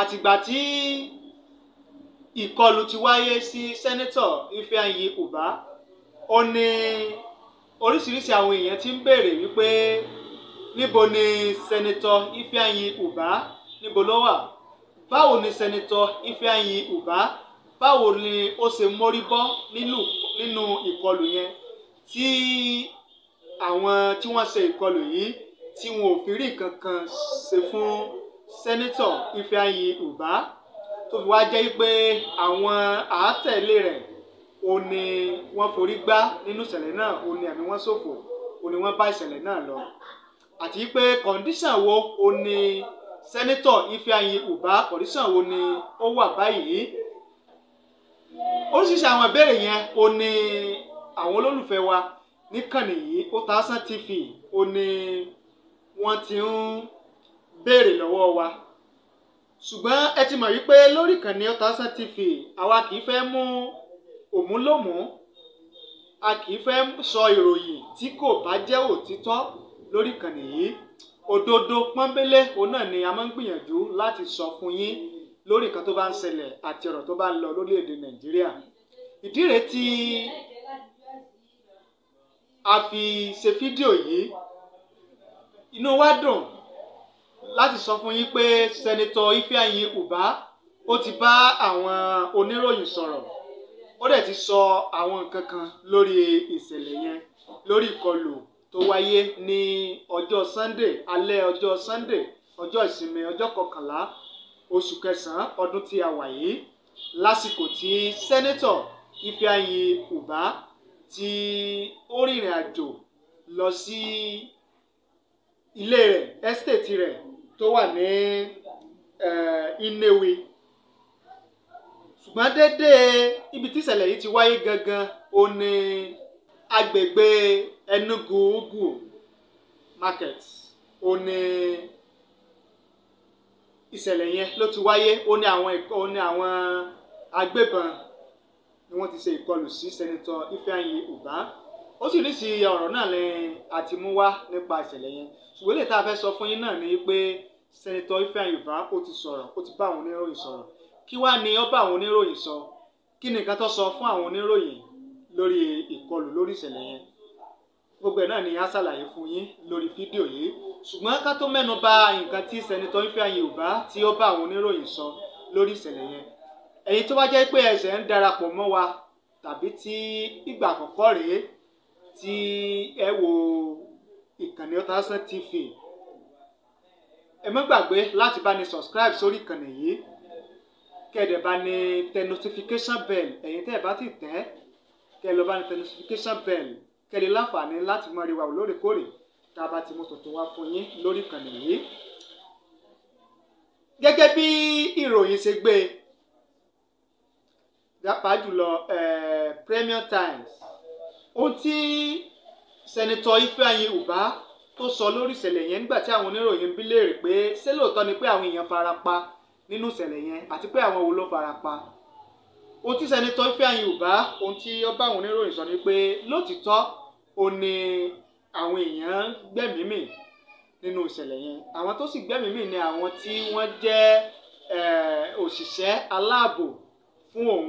àtìgbà tí ìkọlù ti wáyé sí sẹ́nẹ́tọ̀ Ifeanyi Ubah ó ní oríṣiríṣi àwọn èèyàn ti ń béèrè wípé níbo ni sẹ́nẹ́tọ̀ Ifeanyi Ubah níbo ló wà báwo ni sẹ́nẹ́tọ̀ Ifeanyi Ubah báwo ni ó ṣe mórí bọ́ nínú ìkọlù yẹn tí àwọn tí wọ́n ṣe ìkọlù yìí tí wọn ò fi rí nǹkan kan ṣe fún sẹ́nitọ̀ Ifeanyi Ubah tó fi wá jẹ́ pé àwọn àátẹ̀lé rẹ̀ ó ní wọ́n forí gbá nínú ìṣẹ̀lẹ̀ náà ó ní ẹ̀mí wọn ṣòfò ó ní wọ́n bá ìṣẹ̀lẹ̀ náà lọ àti pé kọ̀ǹdíṣàn wo ó ní sẹ́nitọ̀ Ifeanyi Ubah kọ̀ǹdíṣàn wo ni ó wà báyìí oríṣiríṣi àwọn ìbéèrè yẹn ó ní àwọn olólùfẹ́ wa níkànnì yìí Otasansan TV ó ní wọ́n ti ń béèrè lọ́wọ́ wa ṣùgbọ́n ẹ ti mọ̀ wípé lórí ìkànnì Ọ̀tàsán TV àwa kì í fẹ́ mú òmúlòmú a kì í fẹ́ sọ ìròyìn tí kò bá jẹ́ òtítọ́ lórí ìkànnì yìí òdodo pọ́nbélé òun ni a máa ń gbìyànjú láti sọ fún yín lórí nǹkan tó bá ń ṣẹlẹ̀ àti ọ̀rọ̀ tó bá ń lọ lórílẹ̀‐èdè Nàìjíríà ìdí rèé tí a fi ṣe fídíò yìí inú wa dùn láti sọ fún yín pé sẹ́nitọ́ Ifeanyi Ubah ó ti bá àwọn oníròyìn sọ̀rọ̀ ó dẹ̀ ti sọ àwọn nǹkan kan lórí ìṣẹ̀lẹ̀ yẹn lórí ìkọlù tó wáyé ní ọjọ́ Sunday alẹ́ ọjọ́ Sunday ọjọ́ ìsinmi ọjọ́ kọkànlá oṣù kẹsàn-án ọdún tí a wà yìí lásìkò tí sẹ́nẹ́tọ̀ Ifeanyi Ubah tí ó rìnrìn àjò lọ sí ilé rẹ̀ ẹ́stéètì rẹ̀ tó wà ní Inewe ṣùgbọ́n déédéé ibi tí ìṣẹ̀lẹ̀ yìí ti wáyé gangan ó ní agbègbè Enugu Ugwu market ó ní ìṣẹ̀lẹ̀ yẹn ló ti wáyé ó ní àwọn ó ní àwọn agbébọn ni wọ́n ti ṣe ìkọlù sí sẹ́nitọ́ Ifeanyi Ubah ó sì ní sí ọ̀rọ̀ náà ni àti mú wá nípa ìṣẹ̀lẹ̀ yẹn ṣùgbọ́n èyí tá a fẹ́ sọ fún yín náà ni pé sẹ́nitọ́ Ifeanyi Ubah ó ti sọ̀rọ̀ ó ti bá àwọn oníròyìn sọ̀rọ̀ kí wàá ní ó bá àwọn oníròyìn sọ kí ni nǹkan tó sọ fún àwọn oníròyìn lórí ìkọlù lórí ìṣẹ̀lẹ̀ yẹn gbogbo ẹ̀ náà ni a ṣàlàyé fún yín lórí fídíò yìí ṣùgbọ́n ká tó mẹ́nu bà nǹkan tí sẹ́nitọ́ Ifeanyi Ubah tí ó bá àwọn oníròyìn sọ lórí ìṣẹ̀lẹ̀ yẹn ẹ̀yin tó bá jẹ́ pé ẹ̀ṣẹ̀ ń darapọ̀ mọ́ wa tàbí tí ìgbà àkọ́kọ́ rèé tí ẹ wo ìkànnì Otasansan TV ẹ má gbàgbé láti bá ní subscribe sórí ìkànnì yìí kẹ̀dẹ̀ bá ní tẹ notification bell ẹ̀yin tẹ́ ẹ bá ti tẹ̀ kẹ́ lọ bá ní tẹ notification bell kẹ́ lè láǹfààní láti mọ rí wa lóòrèkóòrè tá a bá ti mú tuntun wá fún yín lórí ìkànnì yìí. gẹ́gẹ́ bí ìròyìn ṣe gbé pàápàá jùlọ Premium Times ohun tí sẹ́nitọ́ Ifeanyi Ubah tó sọ lórí ìṣẹ̀lẹ̀ yẹn nígbà tí àwọn oníròyìn bi léèrè pé ṣé lóòótọ́ ni pé àwọn èèyàn fara pa nínú ìṣẹ̀lẹ̀ yẹn àti pé àwọn wo ló fara pa ohun tí sẹ́nitọ́ Ifeanyi Ubah ohun tí ọba àwọn oníròyìn sọ ni pé lótìtọ́ ò ní àwọn èèyàn gbẹ̀mímì nínú ìṣẹ̀lẹ̀ yẹn àwọn tó sì gbẹ̀mímì ni àwọn tí wọ́n jẹ́ òṣìṣẹ́ aláàbò fún òun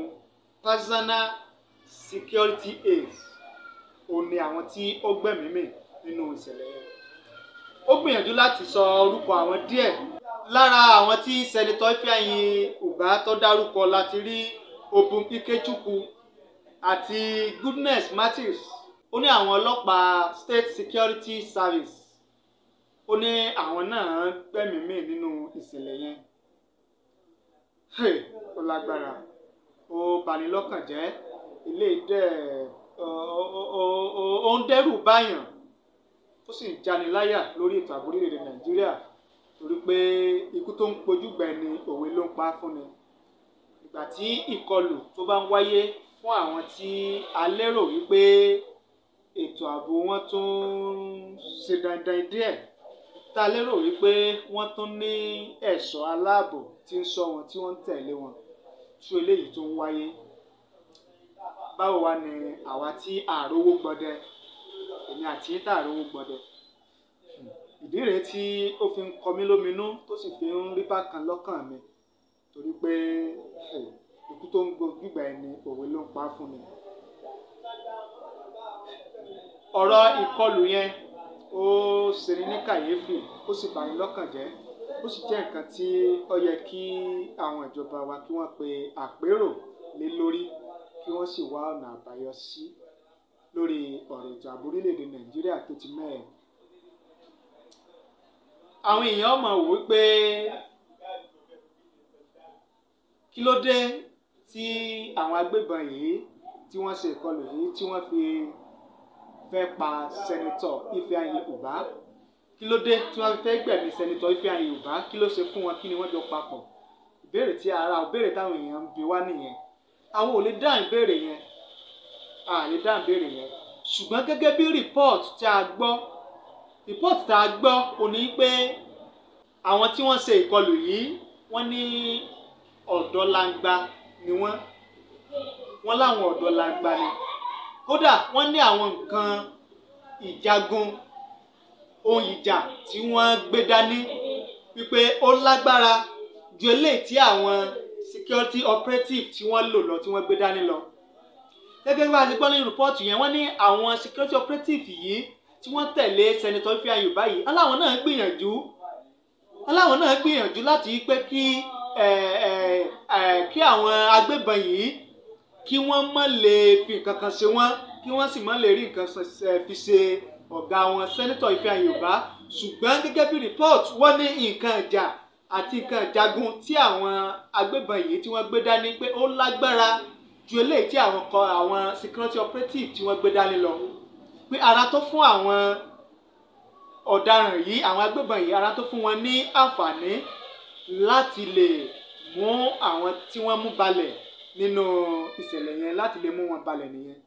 personal security aids òun ni àwọn tí ó gbẹ̀mímì nínú ìṣẹ̀lẹ̀ yẹn ó gbìyànjú láti sọ orúkọ àwọn díẹ̀ lára àwọn tí sẹ́nitọ́ Ifeanyi Ubah tó dárúkọ láti rí Obum Ikechukwu àti Goodness Matthews ó ní àwọn ọlọ́pàá State Security Service ó ní àwọn náà gbẹ̀mímì nínú ìṣẹ̀lẹ̀ yẹn ó lágbára ó bani lọ́kàn jẹ́ ilé dẹ̀ ó ń dẹ́rù báyàn tó sì janiláyà lórí ètò ààbò orílẹ̀-èdè nàìjíríà torí pé ikú tó ń pojú gbẹ̀ni òwe ló ń pa fúnni ìgbà tí ìkọlù tó bá ń wáyé fún àwọn tí a lérò wípé ètò ààbò wọn tún ń ṣe dandan díẹ̀ tá a lérò wípé wọ́n tún ní ẹ̀ṣọ́ aláàbò tí ń ṣọ́ wọn tí wọ́n ń tẹ̀lé wọn tú eléyìí tó ń wáyé báwo wá ni àwa tí àrówó gbọdẹ èmi àti tààrí owó gbọdẹ ìdí rèé tí ó fi ń kọ mí lóminú tó sì fi ń rí bákan lọ́kàn mi torí pé ikú tó ń gbígbà ẹni òwe ló ń pa fún mi. ọ̀rọ̀ ìkọlù yẹn ó ṣeni ní kàyéfì ó sì bà ní lọ́kàn jẹ́ ó sì jẹ́ nǹkan tí ó yẹ kí àwọn ìjọba wa kí wọ́n pe àpérò lé lórí kí wọ́n sì wá ọ̀nà àbáyọ sí. Si lórí ọ̀rọ̀ ìjà ààbò orílẹ̀-èdè nàìjíríà tó ti mẹ́ẹ̀. àwọn èèyàn mọ̀ wípé kí ló dé tí àwọn agbébọn yìí tí wọ́n ṣe ìkọlù yìí tí wọ́n fi fẹ́ pa sẹ́nitọ̀ Ifeanyi Ubah kí ló dé tí wọ́n fi fẹ́ gbẹ̀mí sẹ́nitọ̀ Ifeanyi Ubah kí ló ṣe fún wọn kí ni wọ́n jọ papọ̀ ìbéèrè tí ara ìbéèrè táwọn èèyàn ń bi wá nìyẹn àwọn ò lè dá ìbéèrè yẹn àní dáǹbèrè yẹn ṣùgbọ́n gẹ́gẹ́ bí report tí a gbọ́ report tí a gbọ́ kò ní pé àwọn tí wọ́n ṣe ìkọlù yìí wọ́n ní ọ̀dọ́ langba ni wọ́n wọ́n láwọn ọ̀dọ́ langba ni kódà wọ́n ní àwọn nǹkan ìjagun ohun ìjà tí wọ́n gbé dání wípé ó lágbára ju eléyìí tí àwọn security operative tí wọ́n lò lọ tí wọ́n gbé dání lọ gẹ́gẹ́ bá a ti gbọ́ nínú rìpọ́ọ̀tù yẹn wọ́n ní àwọn security operative yìí tí wọ́n tẹ̀lé senator Ifeanyi Yorùbá yìí aláwọn náà gbìyànjú aláwọn náà gbìyànjú láti pé kí kí àwọn agbébọn yìí kí wọ́n má lè fi nǹkan kan ṣe wọ́n kí wọ́n sì má lè rí nǹkan fi ṣe ọ̀gá wọn senator Ifeanyi Yorùbá ṣùgbọ́n gẹ́gẹ́ bí rìpọ́ọ̀tù wọ́n ní nǹkan ìjà àti nǹkan ìjagun tí àwọn agbébọn yìí tí wọ́n gbé dání pé ó lágbára ju eléyìí tí àwọn kan àwọn security operative tí wọ́n gbé dání lọ pé ara tó fún àwọn ọ̀daràn yìí àwọn agbébọn yìí ara tó fún wọn ní àǹfààní láti lè mú àwọn tí wọ́n mú balẹ̀ nínú ìṣẹ̀lẹ̀ yẹn láti lè mú wọn balẹ̀ nìyẹn.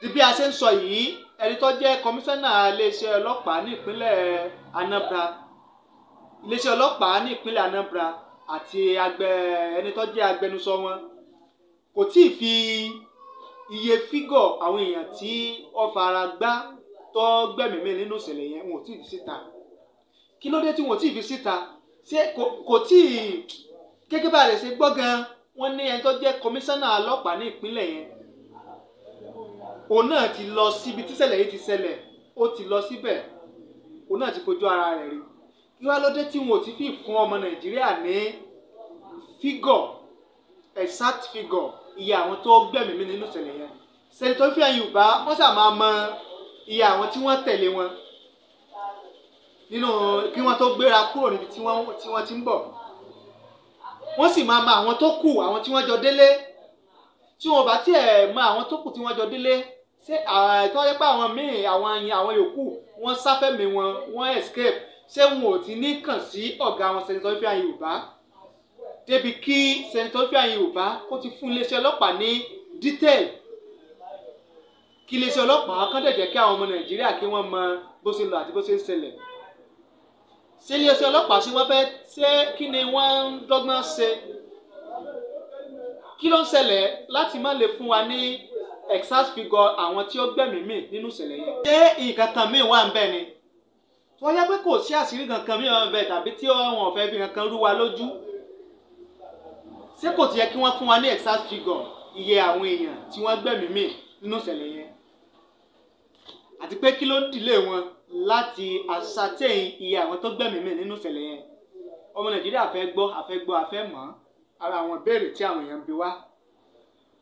di bí a ṣe ń sọ yìí ẹni tó jẹ́ kọmíṣánná iléeṣẹ́ ọlọ́pàá ní ìpínlẹ̀ Anambra iléeṣẹ́ ọlọ́pàá ní ìpínlẹ̀ Anambra àti agbẹ ẹni tó jẹ́ agbẹnusọ wọn kò tí ì fi iye fígọ̀ àwọn èèyàn tí ó fara gbá tó gbẹ̀mímì nínú ìṣẹ̀lẹ̀ yẹn wọn ò tí ì fi síta kí ló dé tí wọn ò tí ì fi síta ṣé kò tí ì gẹ́gẹ́ bá a lè ṣe gbọ́ gan wọ́n ní ẹni tó jẹ́ kọmíṣánná ọlọ́pàá ní ìpínlẹ̀ yẹn òun náà ti lọ síbi tíṣẹ̀lẹ̀ yìí ti ṣẹlẹ̀ ó ti lọ síbẹ̀ òun náà ti fojú ara rẹ̀ rí kí wá ló dé tí wọn ò ti fi fún ọmọ nàìjíríà ní fígọ̀ exact fígọ̀ iye àwọn tó gbẹ̀mí mi nínú ìṣẹ̀lẹ̀ yẹn sẹ́nitọ́ fíà yorùbá wọ́n sà máa mọ iye àwọn tí wọ́n tẹ̀lé wọn nínú kí wọ́n tó gbéra kúrò níbi tí wọ́n ti ń bọ̀ wọ́n sì máa mọ àwọn tó kù àwọn tí wọ́n jọ délé tí wọn bá tiẹ̀ mọ àwọn tó kù tí wọ́n jọ délé ṣé àtọ́jọ́pẹ́ àwọn míì àwọn yòókù wọ́n sáfẹ́mi wọn wọ́n escape ṣé wọn ò ti ní kàn sí ọ̀gá wọn sẹ́ńtítọ́ Ifeanyi Yorùbá débi kí sẹ́ńtítọ́ Ifeanyi Yorùbá kó ti fún iléeṣẹ́ ọlọ́pàá ní detail kí iléeṣẹ́ ọlọ́pàá kán dẹ̀ jẹ́ kí àwọn ọmọ Nàìjíríà kí wọ́n mọ bó ṣe lọ àti bó ṣe ń ṣẹlẹ̀ ṣé iléeṣẹ́ ọlọ́pàá ṣe wọ́n fẹ́ ṣé kí ni wọ́n ń dọ́gbọ́n ṣe kí ló ń ṣẹlẹ̀ láti má lè fún wa ní exact figure àwọn tí ó gbẹ̀mí mì nínú ìṣẹ̀lẹ̀ yẹn ṣé nǹkan kan míì wà ń bẹ̀ ni tó yẹ pé kò sí àṣírí kankan mìíràn bẹ́ẹ̀ tàbí tí wọ́n fẹ́ fi kankan rú wa lójú ṣé kò ti yẹ kí wọ́n fún wa ní exact figure iye àwọn èèyàn tí wọ́n gbẹ̀mí mì nínú ìṣẹ̀lẹ̀ yẹn àti pé kí ló ń dìlé wọn láti ascertain iye àwọn tó gbẹ̀mí mì nínú ìṣẹ̀lẹ̀ yẹn ọmọ nàìjíríà fẹ́ gbọ́ àfẹ́ gbọ́ àfẹ́ mọ̀ ara àwọn ìbéèrè tí àwọn èèyàn ń bi wá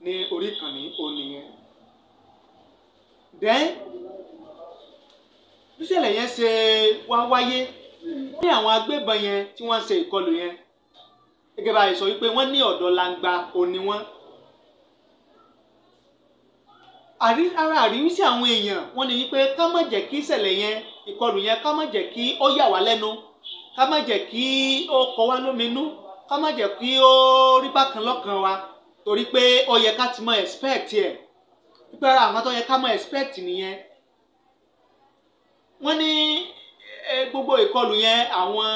ní orí ìkànnì òní yẹn then bísẹ̀lẹ̀ yẹn ṣe wá wáyé ní àwọn agbébọn yẹn tí wọ́n ṣe ìkọlù yẹn gẹ́gẹ́ bá a sọ wípé wọ́n ní ọ̀dọ́ langba òní wọn. ara àríwísí àwọn èèyàn wọ́n ní wípé ká má jẹ́ kí ìṣẹ̀lẹ̀ yẹn ìkọlù yẹn ká má jẹ́ kí ó yà wá lẹ́nu ká má jẹ́ kí ó kọ wá lóminú ká má jẹ́ kí ó wa torí pé ó yẹ ká ti mọ ẹ̀ ara àwọn tó yẹ ká mọ wọ́n ní gbogbo ìkọlù yẹn àwọn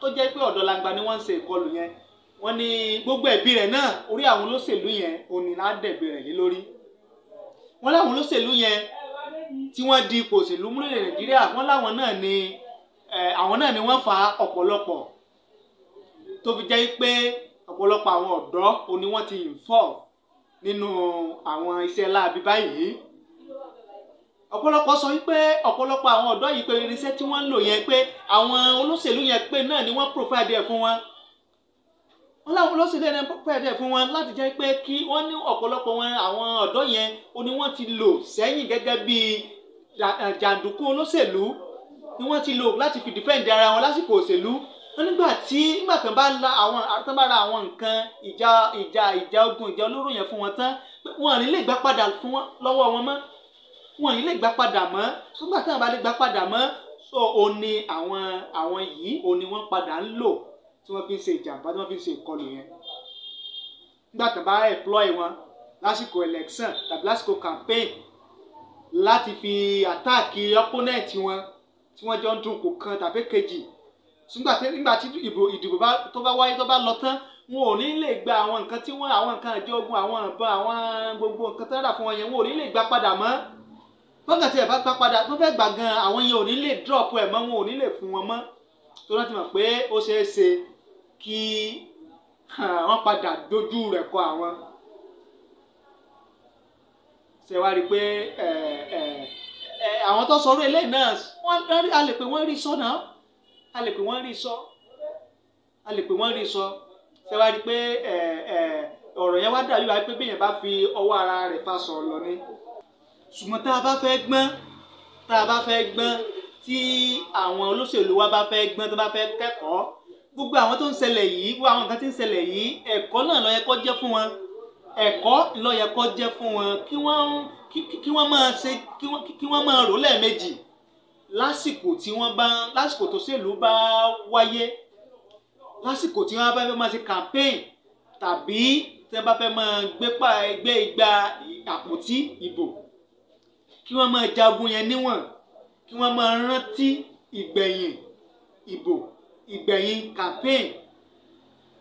tó jẹ́ pé ọ̀dọ́langba ni wọ́n ń ṣe ìkọlù yẹn wọ́n ní gbogbo ẹ̀bi rẹ̀ náà orí àwọn olóṣèlú yẹn òní ládẹ̀bi rẹ̀ lé lórí wọ́n láwọn olóṣèlú yẹn tí wọ́n di ipò òṣèlú múlẹ̀ nàìjíríà wọ́n láwọn náà ni àwọn náà ni wọ́n fa ọ̀pọ̀lọpọ̀ tó fi jẹ́ pé ọ̀pọ̀lọpọ̀ àwọn ọ̀dọ́ òní wọ́n ti involve nínú àwọn iṣẹ́ láabi báyìí ọ̀pọ̀lọpọ̀ sọ wípé ọ̀pọ̀lọpọ̀ àwọn ọ̀dọ́ yìí pé irinṣẹ́ tí wọ́n ń lò yẹn pé àwọn olóṣèlú yẹn pé náà ni wọ́n provide ẹ̀ fún wọn wọ́n láwọn olóṣèlú yẹn provide ẹ̀ fún wọn láti jẹ́ pé kí wọ́n ní ọ̀pọ̀lọpọ̀ wọn àwọn ọ̀dọ́ yẹn o ni wọ́n ti lò sẹ́yìn gẹ́gẹ́ bí jàǹdùkú olóṣèlú ni wọ́n ti lò láti fi defend ara wọn lásìkò òṣèlú nígbà tí nígbà tán bá la àwọn tán bá ra àwọn nǹkan ìjà ìjà ìjà ogun ìjà olóró yẹn fún wọn tán wọn ò ní lè gbà padà fún wọn lọ́wọ́ wọn mọ́ wọn yìí lè gbà padà mọ́ ṣùgbọ́n tí wọ́n bá lè gbà padà mọ́ so òní àwọn àwọn yìí òní wọ́n padà ń lò tí wọ́n fi ń ṣe ìjàmbá tí wọ́n fi ń ṣe ìkọlù yẹn nígbà tí wọ́n bá employ wọn lásìkò election tàbí lásìkò campaign láti fi àtáàkì opponent wọn tí wọ́n jọ ń dùnkù kan tàbí kejì nígbà tí nígbà tí ìbò ìdìbò bá tó bá wáyé tó bá lọ tán wọn ò ní lè gba àwọn nǹkan tí wọ́n àwọn nǹkan àjọ ogun àwọn ìbọn àwọn gbogbo nǹkan tó ń rà fún wọn yẹn wọn ò ní lè gbà padà mọ́ bọ́ǹkà tí ẹ̀ bá gbá padà tó fẹ́ gbà gan àwọn yẹn ò ní lè drop ẹ̀ mọ́ wọn ò ní lè fún wọn mọ́ tó láti mọ̀ pé ó ṣeé ṣe kí wọ́n padà dojú rẹ̀ kọ àwọn ṣe wá rí i pé àwọn tó sọ̀rọ̀ eléyìí náà wọ́n a lè pè wọ́n rí sọ náà a lè pè wọ́n rí sọ a lè pè wọ́n rí sọ ṣe wá rí i pé ọ̀rọ̀ yẹn wá dàbí wá pé bí èèyàn bá fi ọwọ́ ara rẹ̀ fa sọ̀rọ̀ lọ ni ṣùgbọ́n tá a bá fẹ́ gbọ́n tá a bá fẹ́ gbọ́n tí àwọn olóṣèlú wa bá fẹ́ gbọ́n tó bá fẹ́ kẹ́kọ̀ọ́ gbogbo àwọn tó ń ṣẹlẹ̀ yìí gbogbo àwọn nǹkan tí ń ṣẹlẹ̀ yìí ẹ̀kọ́ náà ló yẹ kó jẹ́ fún wọn ẹ̀kọ́ ló yẹ kó jẹ́ fún wọn kí wọ́n kí wọ́n máa ṣe kí wọ́n máa rò lẹ́ẹ̀mejì lásìkò tí wọ́n bá lásìkò tó ṣèlú bá wáyé lásìkò tí wọ́n bá fẹ́ máa ṣe campaign tàbí tí wọ́n bá fẹ́ máa gbé igbá àpótí ìbò kí wọ́n máa jagun yẹn níwọ̀n kí wọ́n máa rántí ìgbẹ̀yìn ìbò ìgbẹ̀yìn campaign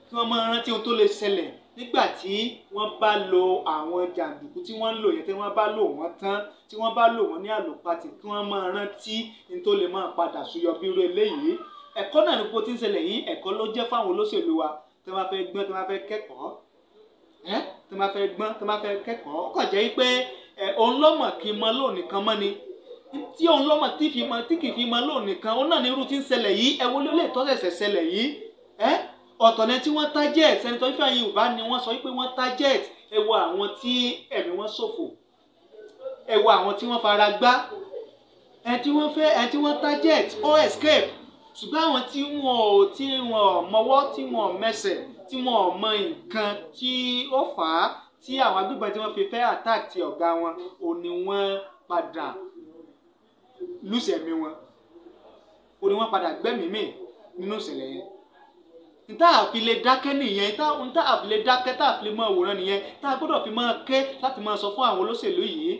kí wọ́n máa rántí ohun tó lè ṣẹlẹ̀ nígbà tí wọ́n bá lo àwọn jàǹdùkú tí wọ́n ń lò yẹn tí wọ́n bá lò wọ́n tán tí wọ́n bá lò wọ́n ní àlòpatì kí wọ́n máa rántí ní tó lè máa padà súyọ bí irú eléyìí ẹ̀kọ́ náà ní bó ti ń ṣẹlẹ̀ yìí ẹ̀kọ́ ló jẹ́ fáwọn olóṣèlú wa tí wọ́n bá fẹ́ gbọ́n tí wọ́n bá fẹ́ kẹ́kọ̀ọ́ tí wọ́n bá fẹ́ gbọ́n tí wọ́n bá fẹ́ kẹ́kọ̀ọ́ ó kàn jẹ́ pé ẹ òun lọ́mọ kì í mọ lónìí kan mọ́ ni tí òun lọ́mọ tí fi mọ tí kì í fi mọ lónìí kan òun náà ní irú tí ń ṣẹlẹ̀ yìí ẹ wọlé olè tọ́ ṣẹ̀ṣẹ̀ ṣẹlẹ̀ yìí ẹ ọ̀tọ̀ ni tí wọ́n target sẹ́nitọ́ ifá yorùbá ni wọ́n sọ wípé wọ́n target ẹ wo àwọn tí ẹ̀mí wọn ṣòfò ẹ wo àwọn tí wọ́n fara gbá ẹ tí wọ́n fẹ́ ẹ tí wọ́n target all escape ṣùgbọ́n àwọn tí wọn ò tí wọn ò mọwọ́ tí wọn ò mẹsẹ̀ tí wọn mọ nǹkan tí ó fà á tí àwọn agbébọn tí wọ́n fi fẹ́ attack ti ọ̀gá wọn ò ní wọ́n padà lùsẹ̀mí wọn ò ní wọ́n padà gbẹ́mìí mì nínú ìṣẹ̀lẹ̀ yẹn nta àfi lè dákẹ́ nìyẹn nta nta àfi lè dákẹ́ tá àfi lè máa wòran nìyẹn tá a gbọ́dọ̀ fi máa ké láti máa sọ fún àwọn olóṣèlú yìí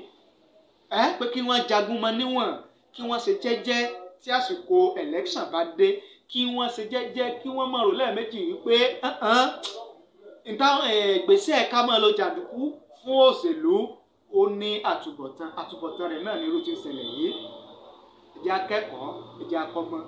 ẹ pé kí wọ́n jagun mọ́ níwọ̀n kí wọ́n ṣe jẹ́jẹ́ tí àsìkò election bá dé kí wọ́n ṣe jẹ́jẹ́ kí wọ́n máa rò lẹ́ẹ̀mejì wípé ìtàwọn eh, gbèsè ká máa lo jàǹdùkú fún òṣèlú ó ní àtúbọ̀tán àtúbọ̀tán rẹ̀ náà ni irú tí ń ṣẹlẹ̀ yìí ẹ̀jẹ̀ akẹ́kọ̀ọ́ ẹ̀jẹ̀ akọ́gbọ́n